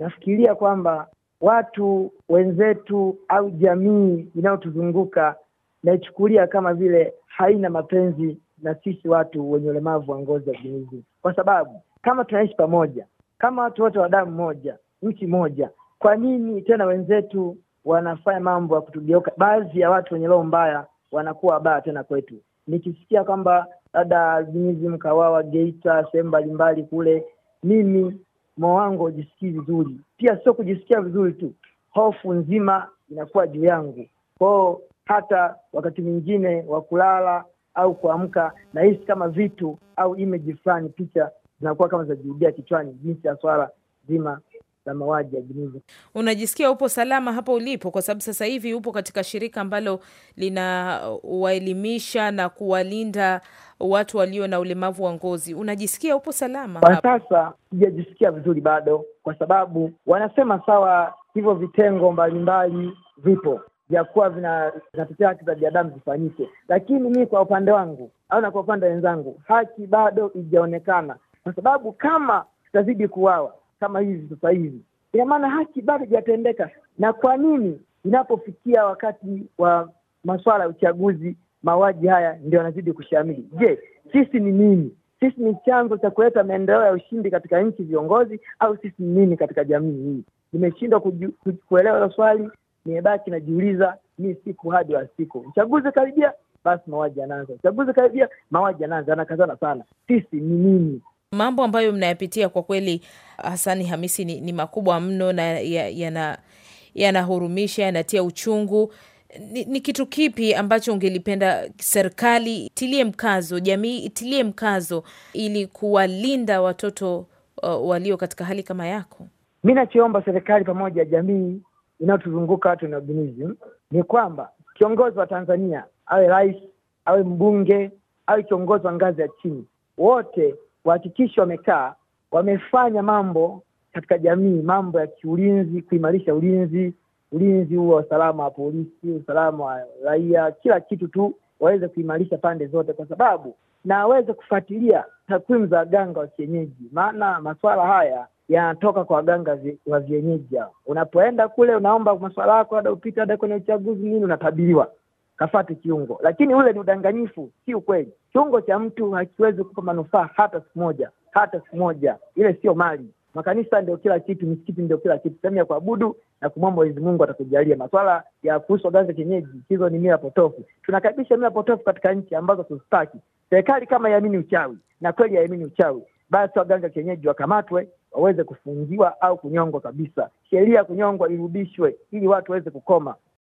nafikiria kwamba watu wenzetu au jamii inayotuzunguka naichukulia kama vile haina mapenzi na sisi watu wenye ulemavu wa ngozi ya jinizi, kwa sababu kama tunaishi pamoja kama watu wote wa damu moja, nchi moja, kwa nini tena wenzetu wanafanya mambo ya kutugeuka? Baadhi ya watu wenye roho mbaya wanakuwa wabaya tena kwetu. Nikisikia kwamba labda jinizi mkawawa Geita, sehemu mbalimbali kule, mimi moyo wangu haujisikii vizuri. Pia sio kujisikia vizuri tu, hofu nzima inakuwa juu yangu kwao, hata wakati mwingine wa kulala au kuamka nahisi kama vitu au imeji fulani, picha zinakuwa kama zinajirudia kichwani, jinsi ya swala zima la mauaji ya Jeneza. Unajisikia upo salama hapo ulipo, kwa sababu sasa hivi upo katika shirika ambalo linawaelimisha uh, na kuwalinda watu walio na ulemavu wa ngozi. Unajisikia upo salama? Kwa sasa sijajisikia vizuri bado, kwa sababu wanasema sawa, hivyo vitengo mbalimbali vipo vya kuwa vinatetea haki za binadamu zifanyike, lakini mi kwa upande wangu au na kwa upande wenzangu, haki bado ijaonekana, kwa sababu kama tutazidi kuwawa kama hivi sasa hivi, ina maana haki bado ijatendeka. Na kwa nini inapofikia wakati wa maswala ya uchaguzi mauaji haya ndio yanazidi kushamili. Je, sisi ni nini? Sisi ni chanzo cha kuleta maendeleo ya ushindi katika nchi, viongozi, au sisi ni nini katika jamii hii? Nimeshindwa kuelewa hilo swali, nimebaki najiuliza mi siku hadi wa siku. Uchaguzi karibia, basi mauaji yanaanza. Uchaguzi karibia, mauaji yanaanza, yanakazana sana. Sisi ni nini? Mambo ambayo mnayapitia kwa kweli, Hasani Hamisi, ni, ni makubwa mno na yanahurumisha, ya yanatia uchungu ni, ni kitu kipi ambacho ungelipenda serikali itilie mkazo, jamii itilie mkazo ili kuwalinda watoto uh, walio katika hali kama yako? Mi nachoomba serikali pamoja jamii inayotuzunguka watu na ni kwamba kiongozi wa Tanzania awe rais, awe mbunge, awe kiongozi wa ngazi ya chini, wote wahakikishi wamekaa wamefanya mambo katika jamii, mambo ya kiulinzi, kuimarisha ulinzi ulinzi huo, usalama wa polisi, usalama wa raia, kila kitu tu waweze kuimarisha pande zote, kwa sababu na waweze kufuatilia takwimu za waganga wa kienyeji, maana masuala haya yanatoka kwa waganga wa vienyeji hao. Unapoenda kule unaomba masuala yako, ada upita ada kwenye uchaguzi nini, unatabiriwa kafate kiungo, lakini ule ni udanganyifu, si ukweli. Kiungo cha mtu hakiwezi kupa manufaa hata siku moja, hata siku moja. Ile sio mali. Makanisa ndio kila kitu, misikiti ndio kila kitu, sehemu ya kuabudu na kumwomba Mwenyezi Mungu atakujalia. Maswala ya kuhusu waganga kienyeji, hizo ni mila potofu. Tunakaribisha mila potofu katika nchi ambazo tuzitaki. Serikali kama yaamini uchawi na kweli yaamini uchawi, basi waganga kienyeji wakamatwe waweze kufungiwa au kunyongwa kabisa. Sheria ya kunyongwa irudishwe ili watu waweze kukoma.